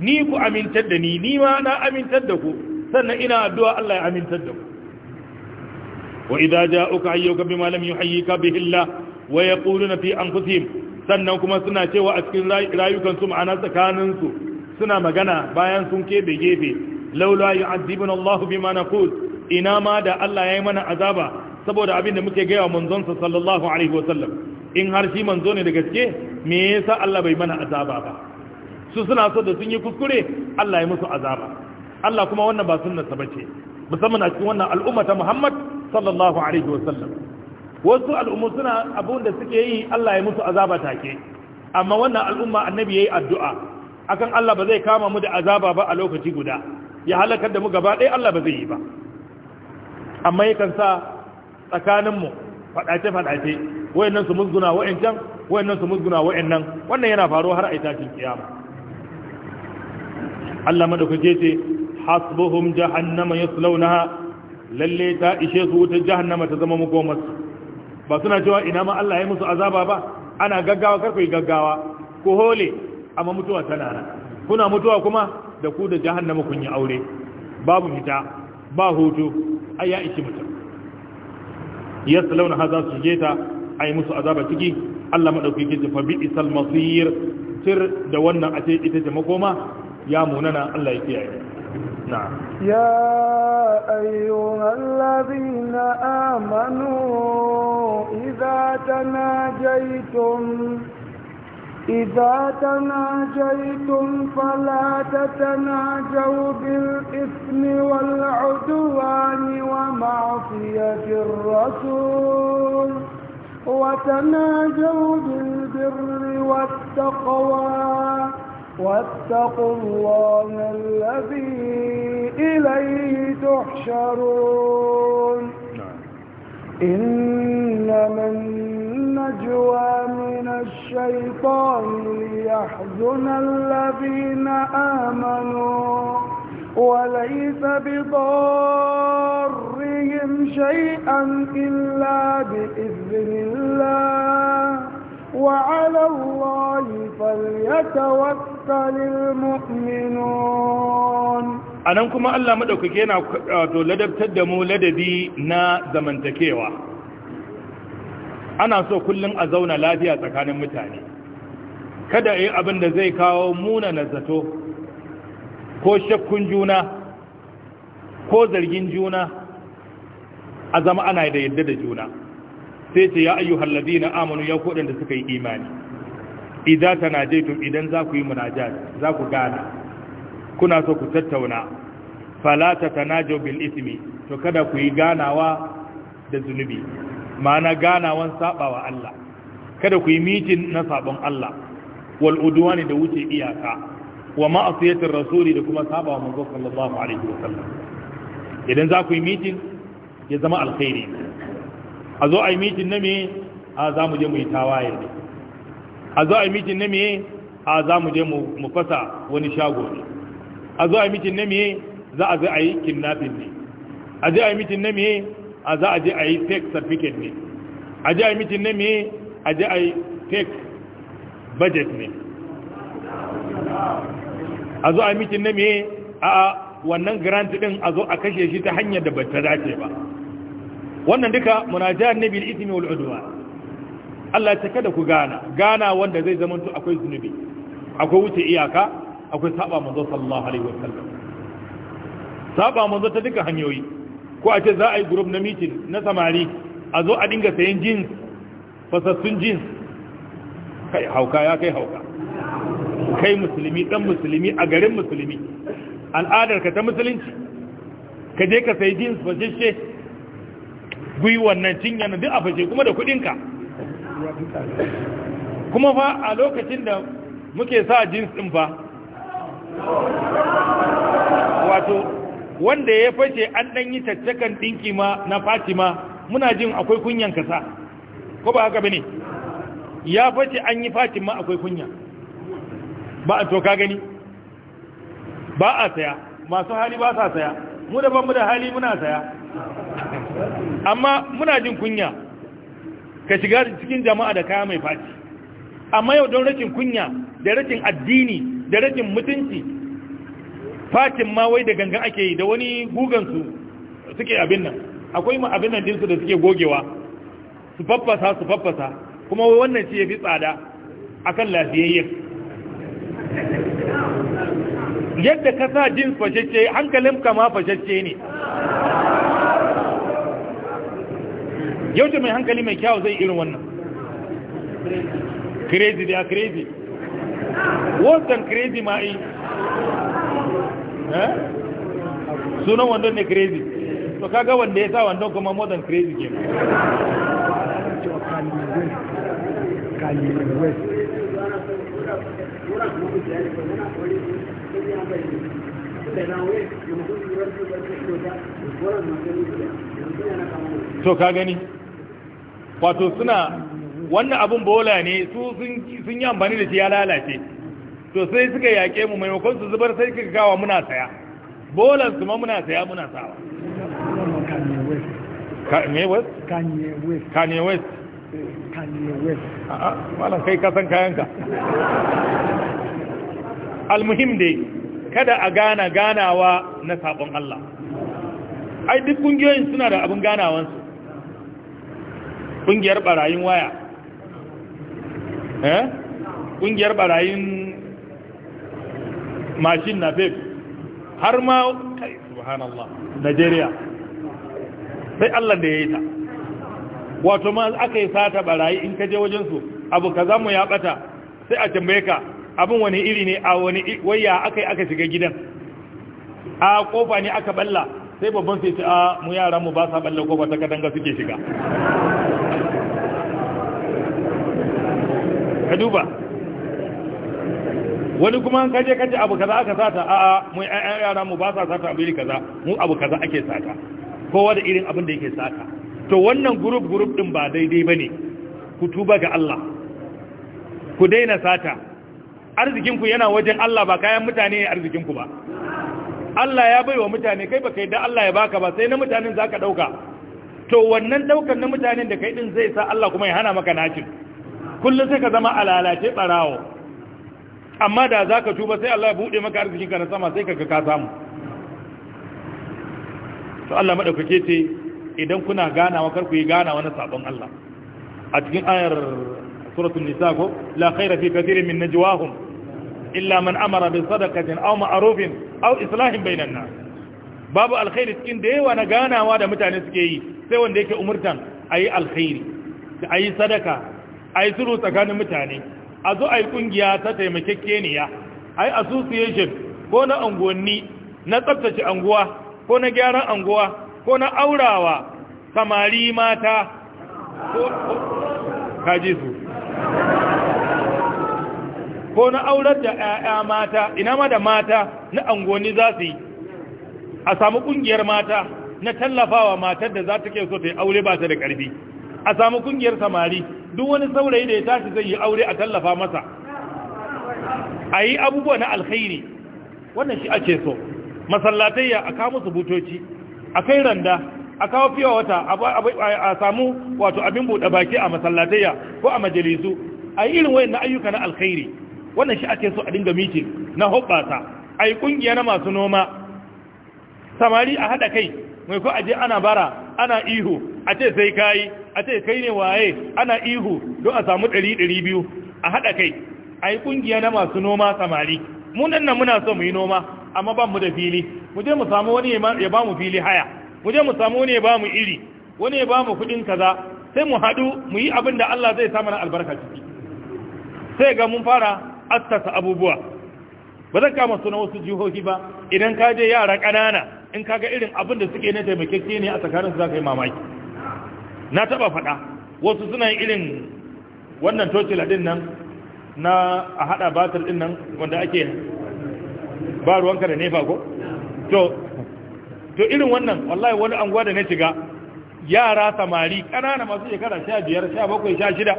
ni ku amintar da ni ni ma na amintar da ku sannan ina addu'a Allah ya amintar da ku wa idza ja'uka ayyuka bima lam yuhayyika bihi Allah wa yaquluna fi an anfusihim sannan kuma suna cewa a cikin rayukansu ma'ana tsakaninsu suna magana bayan sun kebe gefe laula yu'adhibuna Allahu bima naqul ina ma da Allah ya yi mana azaba saboda abin da muke gaya wa manzonsa sallallahu alaihi wasallam in har shi manzo ne da gaske me yasa Allah bai mana azaba ba su suna so da sun yi kuskure Allah ya musu azaba Allah kuma wannan ba sunnar sa bace musamman a cikin wannan al'umma ta Muhammad sallallahu alaihi wasallam wasu al'ummu suna abin da suke yi Allah ya mutu azaba take amma wannan al'umma annabi ya yi addu'a akan Allah ba zai kama mu da azaba ba a lokaci guda ya halakar da mu gaba ɗaya Allah ba zai yi ba amma yakan sa tsakaninmu faɗace-faɗace nan su musguna wayancan nan su musguna nan, wannan yana faruwa har a tashin kiyama Allah madaukake ce hasbuhum jahannama yaslawnaha lalle ta ishe su wuta jahannama ta zama makomarsu ba suna cewa ina ma Allah ya musu azaba ba ana gaggawa karfe yi gaggawa ku hole amma mutuwa tana nan kuna mutuwa kuma da ku da jahannama kun yi aure babu fita ba hutu ai ya ishi mutum yaslawna ta, sujeta ai musu azaba ciki Allah madauki ke fa bi isal masir sir da wannan ace ita ce makoma ya munana Allah ya kiyaye نعم يا أيها الذين آمنوا إذا تناجيتم إذا تناجيتم فلا تتناجوا بالإثم والعدوان ومعصية الرسول وتناجوا بالبر والتقوى واتقوا الله الذي إليه تحشرون إنما النجوى من الشيطان ليحزن الذين آمنوا وليس بضارهم شيئا إلا بإذن الله وعلى الله فليتوكل A nan kuma Allah maɗaukake yana wato ladabtar da mu ladabi na zamantakewa ana so kullum a zauna lafiya tsakanin mutane kada a yi abin da zai kawo munana zato ko shakkun juna ko zargin juna a zama ana da yadda da juna sai ce ya ayyuhal na na ya kodin da suka yi imani ta na tanajaytum idan za ku yi munajat za ku gana kuna so ku tattauna Falata ta na bil ismi to kada ku yi ganawa da zunubi ma'ana ganawan sabawa Allah kada ku yi mitin na sabon Allah wal ne da wuce iyaka wa ma'asiyatir rasuli da kuma sabawa manzo sallallahu alaihi wasallam idan za ku yi mitin ya zama alkhairi a zo a yi mitin na me a za mu je mu yi tawaye ne a zo a mitin na miye a za mu je mu fasa wani shago ne a zo a mitin na miye za a zai a yi kidnapping ne a je a mitin na miye a za a je a yi fake certificate ne a je a mitin na miye a je a yi fake budget ne a zo a mitin na miye a wannan grant din a zo a kashe shi ta hanyar da ta dace ba wannan duka nabi al ismi wal udwan Allah ya kada ku gana gana wanda zai zama akwai zunubi akwai wuce iyaka akwai saba manzo sallallahu alaihi wasallam saba manzo ta duka hanyoyi ko a ce za a yi group na meeting na samari a zo a dinga sayin jeans fasassun jeans kai hauka ya kai hauka kai musulmi dan musulmi a garin musulmi al'adar ka ta musulunci ka je ka sayi jeans fasashe gwiwan nan cinya na duk a fashe kuma da ka kuma fa a lokacin da muke sa jins din fa wato wanda ya fashe an dan yi caccakan dinki ma na fatima muna jin akwai kunyan kasa ko ba haka bane ya fashe an yi fatima akwai kunya ba a toka gani ba a saya masu hali ba sa saya mu da ban mu da hali muna saya amma muna jin kunya ka shiga cikin jama'a da kaya mai faci amma yau don rashin kunya da rashin addini da rashin mutunci facin ma wai da gangan ake yi da wani gugansu suke abin nan akwai ma abin nan dinsu da suke gogewa su faffasa su faffasa kuma wannan ce ya fi tsada akan lafiyayyen yadda ka sa jins ce hankalin kama ce ne yau ce mai hankali mai kyau zai irin wannan crazy da crazy worse the crazy ma yi eh? eh? sunan wandon ne crazy to kaga wanda ya sa wandon kuma more than crazy game to ka gani wato suna wannan abin bola ne su sun yi amfani da shi ya lalace to sai suka yaƙe mu maimakon su zubar sai kika kawa muna saya bolan su ma muna saya muna sawa Kanye West? Kanye West. Kanye West. Kanye West. A'a, malam kai kasan kayanka. Almuhim dai, kada a gana ganawa na sabon Allah. Ai, duk kungiyoyin suna da abin ganawansu. ƙungiyar barayin waya eh ƙungiyar barayin mashin na fef har ma kai subhanallah Najeriya sai Allah da ya yi ta wato ma aka yi sata barayi in kaje wajensu abu za mu ya bata sai a tambaye ka abin wani iri ne a wani waya aka yi aka shiga gidan a kofa ne aka balla sai babban sai ce a mu yara mu ba sa balle kofa ta katanga suke shiga ka duba wani kuma kaje kaje abu kaza aka sata a'a mu yara mu ba sa sata abu kaza mu abu kaza ake sata kowa da irin abin da yake sata to wannan group group din ba daidai bane ku tuba ga Allah ku daina sata arzikinku yana wajen Allah ba kayan mutane arzikinku ba Allah ya bai wa mutane kai ba kai da Allah ya baka ba sai na mutanen zaka dauka to wannan daukar na mutanen da kai din zai sa Allah kuma ya hana maka nacin kullum sai ka zama alalace barawo amma da zaka tuba sai Allah ya buɗe maka arzikin ka na sama sai ga ka samu to Allah madaukake ce idan kuna ganawa kar ku yi ganawa na sabon Allah a cikin ayar suratul nisa ko la khaira fi kathirin min najwahum illa man amara bi sadaqatin aw ma'rufin aw islahin bainan nas babu alkhairi cikin da yawa na ganawa da mutane suke yi sai wanda yake umurtan ayi alkhairi ayi sadaka ayi suru tsakanin mutane a zo ayi kungiya ta taimakekeniya ayi association ko na unguwanni na tsaftace unguwa ko na gyaran unguwa ko na aurawa samari mata ko kaji su ko na aurar da ƴaƴa mata ina ma da mata na angoni za su yi a samu ƙungiyar mata na tallafawa matar da za ta ke so ta yi aure ba ta da ƙarfi a samu ƙungiyar samari duk wani saurayi da ya tashi zai yi aure a tallafa masa a yi abubuwa na alkhairi wannan shi ake so masallatayya a kawo musu butoci a kai randa a kawo fiye wata a samu wato abin buɗe baki a masallatayya ko a majalisu a yi irin wayan na ayyuka na alkhairi wannan shi ake so a dinga mitin na hoɓɓasa a yi ƙungiya na masu noma samari a haɗa kai mai ko aje ana bara ana ihu a ce sai kayi a ce kai ne waye ana ihu don a samu ɗari ɗari biyu a haɗa kai a yi ƙungiya na masu noma samari munan nan muna so mu yi noma amma ba mu da fili mu je mu samu wani ya ba mu fili haya mu je mu samu wani ya ba mu iri wani ya ba mu kuɗin kaza sai mu haɗu mu yi abin da Allah zai sa mana albarka ciki sai ga mun fara asasa abubuwa ba zan kama suna wasu jihohi ba idan ka je yara ƙanana in kaga irin abin da suke na taimakeke ne a tsakaninsu za ka yi mamaki na taɓa faɗa wasu suna irin wannan tokila ɗin nan na a haɗa batir ɗin nan wanda ake ba ruwanka da nefa ko? to to irin wannan wallahi wani anguwa da na shiga yara samari ƙanana masu shekara sha biyar sha bakwai sha shida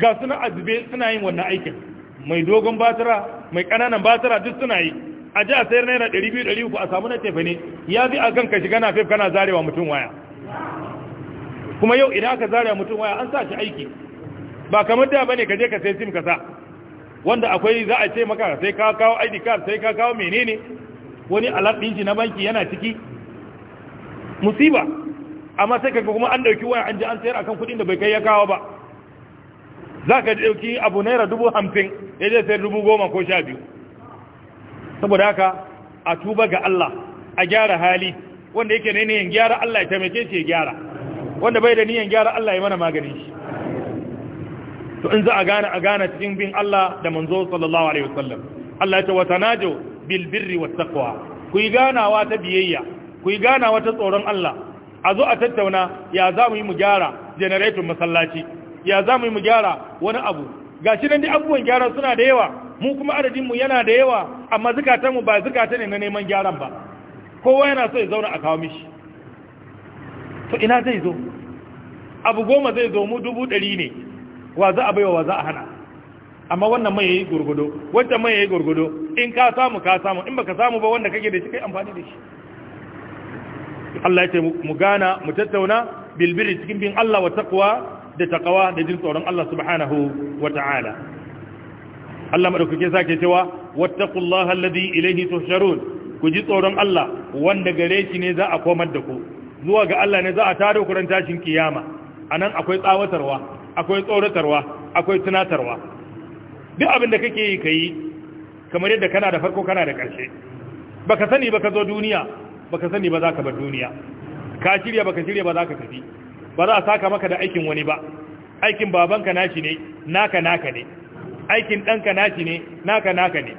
ga suna azube suna yin wannan aikin mai dogon batara, mai ƙananan batara duk suna yi a ji a sayar naira 200-300 a samu na tefe ne ya bi a kan ka shiga na fef kana zarewa mutum waya kuma yau idan aka zarewa mutum waya an sa shi aiki ba kamar da bane ka je ka sai sim ka sa wanda akwai za a ce maka sai ka kawo id card sai ka kawo menene wani alat shi na banki yana ciki musiba amma sai kaga kuma an dauki waya an ji an sayar akan kudin da bai kai ya kawo ba za ka dauki abu naira dubu hamsin ya je sayar dubu goma ko sha biyu saboda haka a tuba ga Allah a gyara hali wanda yake ne niyan gyara Allah ya taimake shi ya gyara wanda bai da niyan gyara Allah ya mana magani shi to in za a gane a gane cikin bin Allah da manzo sallallahu alaihi wasallam Allah ya ce watanajo bil birri wat taqwa ku yi ganawa ta biyayya ku yi ganawa ta tsoron Allah a zo a tattauna ya za mu yi mu gyara generator masallaci ya za mu yi mu gyara wani abu ga shi nan da abubuwan gyara suna da yawa mu kuma adadinmu yana da yawa amma zukatanmu ba zukata ne na neman gyaran ba kowa yana so ya zauna a kawo mishi to ina zai zo abu goma zai zo mu dubu ɗari ne wa za a baiwa wa za a hana amma wannan mai yayi gurgudo wancan mai yayi gurgudo in ka samu ka samu in baka samu ba wanda kake da shi kai amfani da shi Allah ya ce mu gana mu tattauna bilbiri cikin bin Allah wa taqwa da taqwa da jin tsoron Allah subhanahu wa wata'ala Allah madaukake ke cewa wattaqullaha alladhi ilayhi tuhsharun ku ji tsoron Allah wanda gare shi ne za a komar da ku zuwa ga Allah ne za a tare ku ran tashin kiyama anan akwai tsawatarwa akwai tsoratarwa akwai tunatarwa duk abin da kake yi kai kamar yadda kana da farko kana da ƙarshe ka sani ba ka zo duniya ka sani ba za ka bar duniya ka shirya ka shirya ba za ka tafi ba za a saka maka da aikin wani ba aikin babanka nashi ne naka naka ne aikin ɗanka nashi ne naka naka ne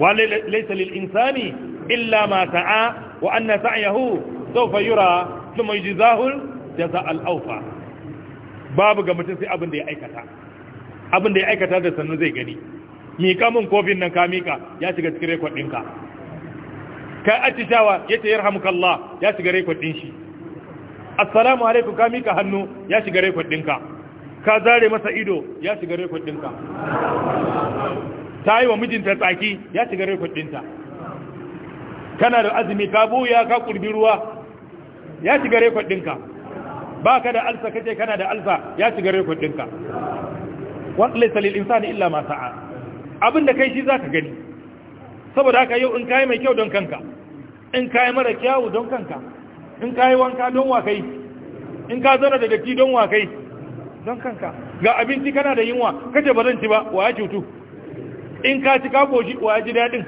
Wani laysa lil insani illa ma sa'a wa anna sa'yahu sawfa yura thumma yujzahu jazaa awfa babu ga mutum sai abin da ya aikata abin da ya aikata da sannu zai gani mika mun kofin nan ka mika ya shiga cikin rekod Ka kai atishawa yace yarhamukallah ya shiga rekod shi assalamu alaikum ka mika hannu ya shiga rekod ɗinka ka zare masa ido ya shiga rekod ɗinka ta yi wa mijinta tsaki ya shiga rekod ɗinta kana da azumi ka buya ka kurbi ruwa ya shiga rekod ɗinka ba ka da alsa kace kana da alfa. ya shiga rekod ɗinka wanda laisa lil insani illa ma sa'a abinda kai shi zaka gani saboda haka yau in kai mai kyau don kanka in kai mara kyau don kanka in ka yi wanka don wa kai in ka zara da datti don wa kai don kanka ga abinci kana da yunwa kace ba zan ci ba wa ya cutu in ka ci ka koshi wa ya ji daɗin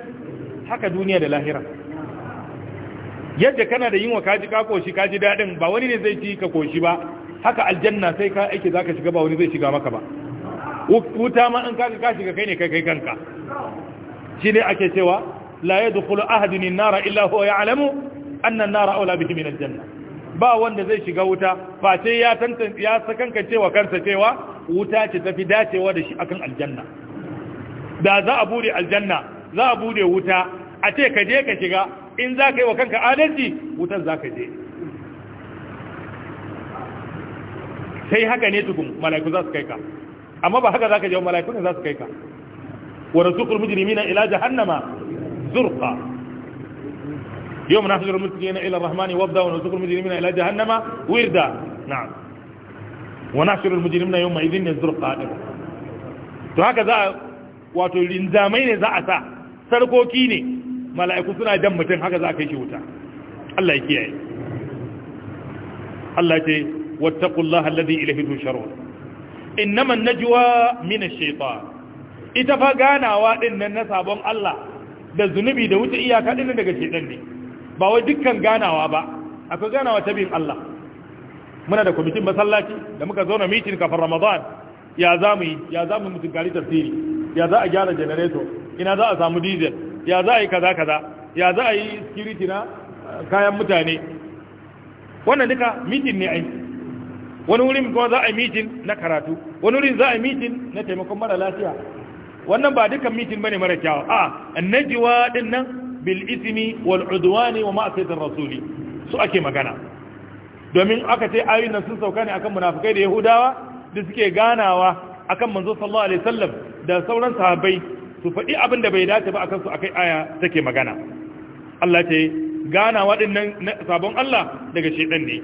haka duniya da lahira yadda kana da yunwa ka ji ka koshi ka ji daɗin ba wani ne zai ci ka koshi ba haka aljanna sai ka aiki za ka shiga ba wani zai shiga maka ba wuta ma in ka ka shiga kai ne kai kai kanka shi ne ake cewa la yadkhulu ahadun an-nara illa huwa ya'lamu annan nara aula bihi min aljanna ba wanda zai shiga wuta face ya tantance ya sakanka cewa kansa cewa wuta ce tafi dacewa da shi akan aljanna da za a bude aljanna za a bude wuta a ce ka je ka shiga in za ka yi wa kanka adalci wutan za ka je sai haka ne tukun mala'iku za su kai ka amma ba haka za ka je wa mala'iku ne za su kai ka wa rasulul mujrimina ila jahannama zurqa يوم نحشر المسكين إلى الرحمن وابدا ونسوق المجرمين إلى جهنم وردا نعم ونحشر المجرمين يومئذ يزدر قائما فهكذا wato linzamai ne za a sa sarkoki ne mala'iku suna jan haka za ka yi shi wuta Allah ya kiyaye Allah ce wattaqullaha alladhi ilayhi tusharun innama najwa min ash-shaytan ita fa ganawa din na sabon Allah da zunubi da wuce iyaka din daga shedan ne ba wai dukkan ganawa ba akwai ganawa ta bin Allah muna da kwamitin masallaci da muka zauna mitin kafin ramadan ya za mu yi ya za mu gari tafsiri ya za a gyara janareto ina za a samu diesel ya za a yi kaza kaza ya za a yi security na uh, kayan mutane wannan duka mitin ne ai wani wurin kuma za a yi mitin na karatu wani wurin za a yi mitin na taimakon mara lafiya wannan ba dukkan mitin bane mara kyawa a ah, annajiwa din nan bil ismi wa ma'siyatir rasuli su ake magana domin aka ce ayoyin nan sun sauka ne akan munafikai da yahudawa da suke ganawa akan manzo sallallahu alaihi wasallam da sauran sahabbai su faɗi abin da bai dace ba kansu a kai aya take magana Allah ce ganawa din nan sabon Allah daga shedan ne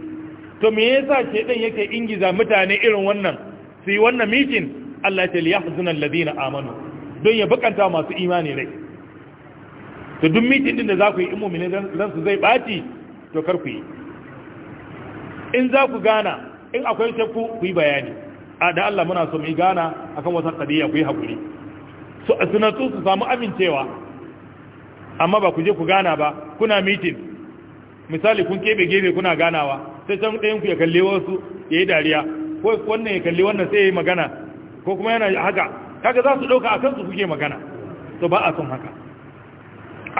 to me yasa shedan yake ingiza mutane irin wannan su yi wannan mitin Allah ce liyahzuna alladhina amanu don ya bakanta masu imani rai to duk mitin din da za ku yi in zan su zai ɓaci to kar ku yi in za ku gana in akwai shakku ku yi bayani a da Allah muna so mu yi gana akan wata kadiya ku yi hakuri su a sunatu su samu amincewa amma ba ku je ku gana ba kuna mitin misali kun kebe gefe kuna ganawa sai can ɗayan ku ya kalli wasu ya yi dariya ko wannan ya kalli wannan sai ya yi magana ko kuma yana haka kaga za su ɗauka a kansu kuke magana to ba a son haka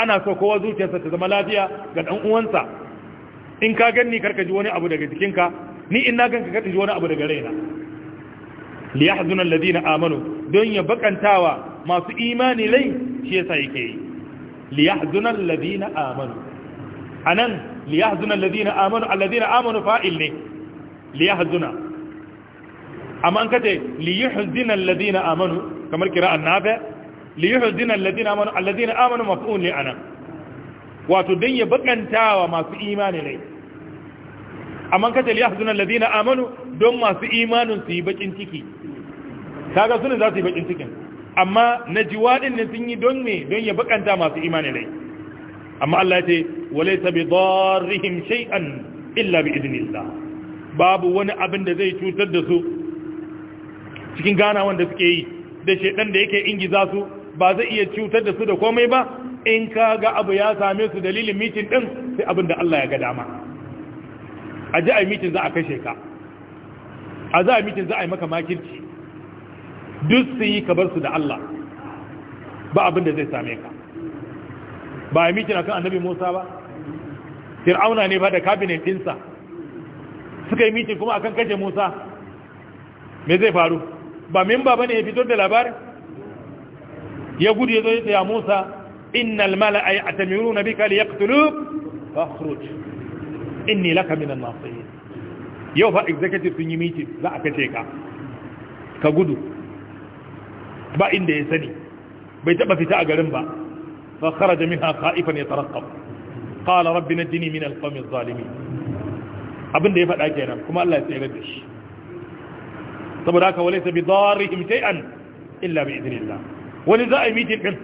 ana so kowa zuciyarsa ta zama lafiya ga dan uwansa in ka ganni karka ji wani abu daga jikinka ni in na ganka karka ji wani abu daga raina li yahzun alladhina amanu don ya bakantawa masu imani lai shi yasa yake yi li yahzun alladhina amanu anan li yahzun alladhina amanu alladhina amanu fa'il ne li yahzun amma an kace li yahzun alladhina amanu kamar kira'an nafi' li yuhdina alladhina amanu alladhina amanu maf'ul li ana wato dan ya bakantawa masu imani ne amma kace li yuhdina alladhina amanu don masu imanin su yi bakin ciki kaga sunan za su yi bakin cikin amma najiwadin ne sun yi don me don ya bakanta masu imani ne amma Allah ya ce walaysa bi darrihim shay'an illa bi idnillah babu wani abin da zai cutar da su cikin gana wanda suke yi da shedan da yake ingiza su ba zai iya cutar da su da komai ba in ka ga abu ya same su dalilin mitin din sai abin da Allah ya ga dama a ji a mitin za a kashe ka a za a mitin za a yi maka makirci duk su yi kabar su da Allah ba abin da zai same ka ba a mitin akan annabi Musa ba fir'auna ne ba da kabinet dinsa suka yi mitin kuma a kan kashe Musa me zai faru ba ba bane ya fito da labarin ya gudu ya zo ya tsaya Musa innal mala'a ya'tamiruna bika liyaqtuluk in inni laka minan an-nasihin yau fa executive sun yi meeting za a kace ka ka gudu ba inda ya sani bai taba fita a garin ba ba fa kharaja minha khaifan yataraqqab kala rabbi na najini min al-qawmi abin da ya faɗa kenan kuma Allah ya tsere da shi saboda haka walaysa bi darrihim an illa bi idnillah wani za a yi mitin ɗin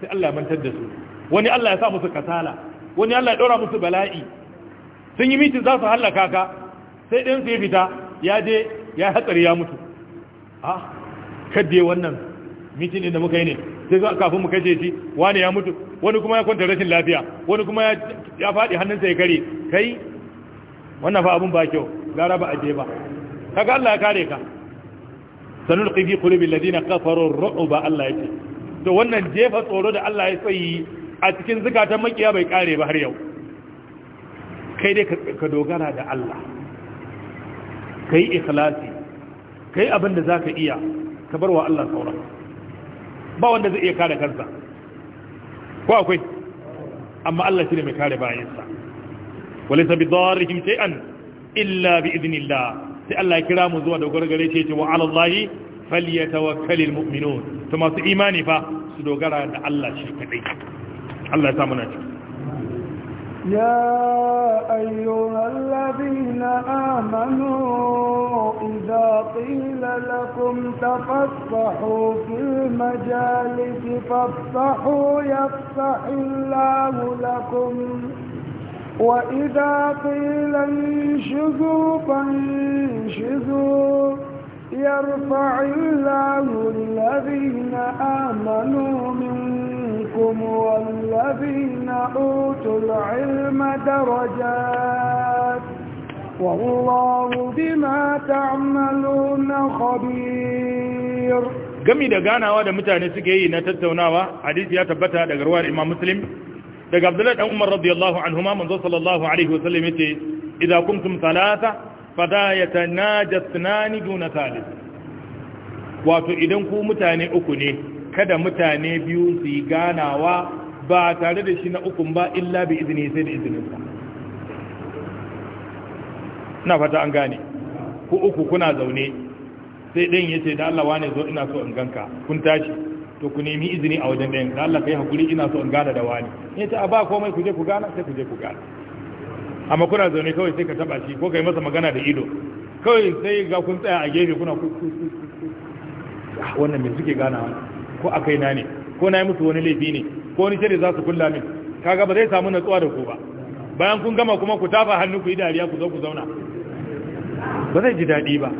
sai Allah ya mantar da su wani Allah ya sa musu kasala wani Allah ya ɗora musu bala'i sun yi mitin za su hallaka ka sai ɗin su ya fita ya je ya hatsari ya mutu a ah, kadde wannan mitin ɗin da muka yi ne sai za kafin mu kashe shi wani ya mutu wani kuma ya kwanta rashin lafiya wani kuma ya faɗi hannunsa ya kare kai wannan fa abun ba kyau gara ba a je ba kaga Allah ya kare ka sanulqi fi qulubi alladhina kafaru ar-ru'ba Allah yake to wannan jefa tsoro da Allah ya sayi a cikin zukatan makiya bai kare ba har yau kai dai ka dogara da Allah kai ikhlasi kai abin da zaka iya ka bar wa Allah sauran ba wanda zai iya kare kansa ko akwai amma Allah shi ne mai kare bayansa walaysa bidarrihim shay'an illa bi idnillah sai Allah ya kira mu zuwa da gargare ce ce wa alallahi falyatawakkalul mu'minun to masu imani fa su dogara da Allah shi kadai Allah ya samu na ci ya ayyuhal ladina amanu idza qila lakum tafassahu في majalisi فافصحوا يفصح lakum وإذا قيل انشزوا فانشزوا يرفع الله الذين آمنوا منكم والذين أوتوا العلم درجات والله بما تعملون خبير gami da ganawa da mutane suke yi na tattaunawa hadisi ya tabbata daga ruwar imam muslim daga abdullahi dan umar radiyallahu anhuma manzo sallallahu alaihi wasallam yace idza kuntum salata fada yatanaja thnani duna thalith wato idan ku mutane uku ne kada mutane biyu su yi ganawa ba tare da shi na ukun ba illa bi izini sai da izinin sa na fata an gane ku uku kuna zaune sai ɗin yace da Allah wane zo ina so in ganka kun tashi to ku nemi izini a wajen ɗayan da Allah kai hakuri ina so in gana da wani ne ta ba komai ku je ku gana sai ku je ku gana amma kuna zaune kawai sai ka taba shi ko kai masa magana da ido kawai sai ga kun tsaya a gefe kuna ku ku ku ah, wannan me suke gana ko akai na ne ko na yi musu wani laifi ne ko wani shiri za su kulla min kaga ba zai samu natsuwa da ku ba bayan kun gama kuma ku tafa hannu ku yi dariya ku zo ku zauna ba zai ji daɗi ba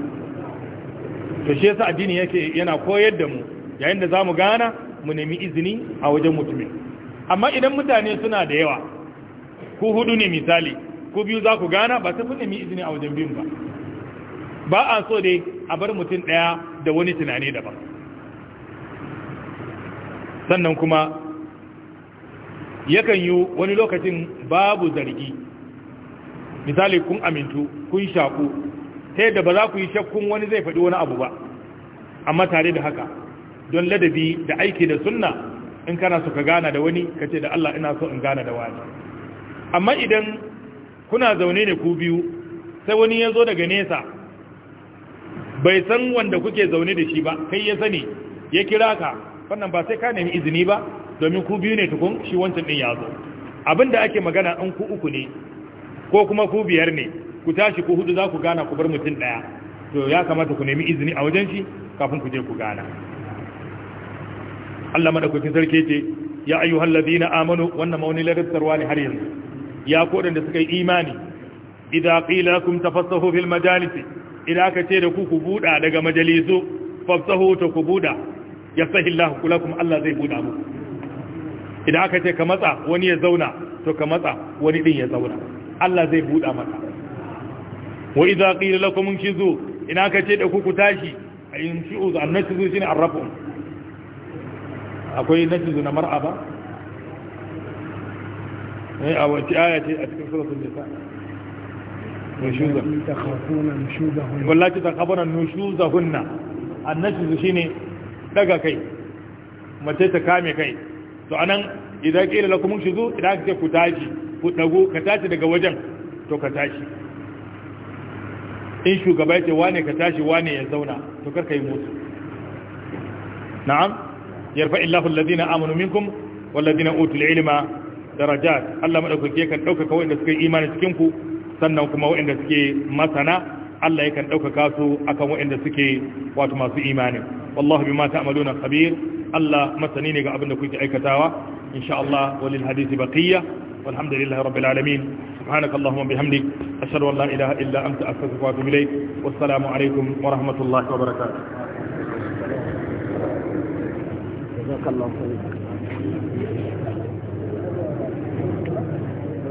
to shi yasa addini yake yana koyar da mu yayin da za mu gana mu nemi izini a wajen mutumin amma idan mutane suna da yawa ku hudu ne misali ku biyu za ku gana ba sai ku nemi izini a wajen biyun ba ba a so dai a bar mutum ɗaya da wani tunani daban sannan kuma yakan yi wani lokacin babu zargi misali kun amintu kun shaku ta yadda ba za ku yi shakkun wani zai faɗi wani abu ba amma tare da haka don ladabi da aiki da sunna in kana so ka gana da wani ka ce da Allah ina so in gana da wani amma idan kuna zaune ne ku biyu sai wani ya zo daga nesa bai san wanda kuke zaune da shi ba kai ya sani ya kira ka wannan ba sai ka nemi izini ba domin ku biyu ne tukun shi wancan din ya zo abin da ake magana in ku uku ne ko kuma ku biyar ne ku tashi ku hudu za ku gana ku bar mutum daya to ya kamata ku nemi izini a wajen shi kafin ku je ku gana Allah madaukakin sarki ce ya ayyuhal ladina amanu wannan mauni ladattarwa ne har yanzu ya ko da suka yi imani idza qila lakum tafassahu fil majalis idan aka ce da ku ku buda daga majalisu fafsahu ta ku buda yasahi Allah kulakum Allah zai buda muku idan aka ce ka matsa wani ya zauna to ka matsa wani din ya zauna Allah zai buda maka wa idza qila lakum inshizu idan aka ce da ku ku tashi inshizu annashizu shine arrafum akwai najizu na mar'a ba eh, a wace aya ce a cikin suratun nisa wallaci ta kafanan nushuza hunna annajizu shi ne daga kai mace ta kame kai to anan idan ƙila la kuma shizu idan aka ce ku tashi ku ɗago ka tashi daga wajen to ka tashi in shugaba ya ce wane ka tashi wane ya zauna to kar ka yi mutu na'am yarfa illahu alladhina amanu minkum walladhina utul ilma darajat Allah madaukake kan daukaka wanda suka yi imani cikin ku sannan kuma wanda suke masana Allah yakan ɗaukaka su akan waɗanda suke wato masu imani wallahu bima ta'maluna khabir Allah masani ne ga abin da kuke aikatawa insha Allah walil hadisi baqiya walhamdulillahi rabbil alamin subhanaka allahumma bihamdik ashhadu an la ilaha illa anta astaghfiruka wa atubu ilayk wassalamu wa rahmatullahi wa barakatuh 那个老公。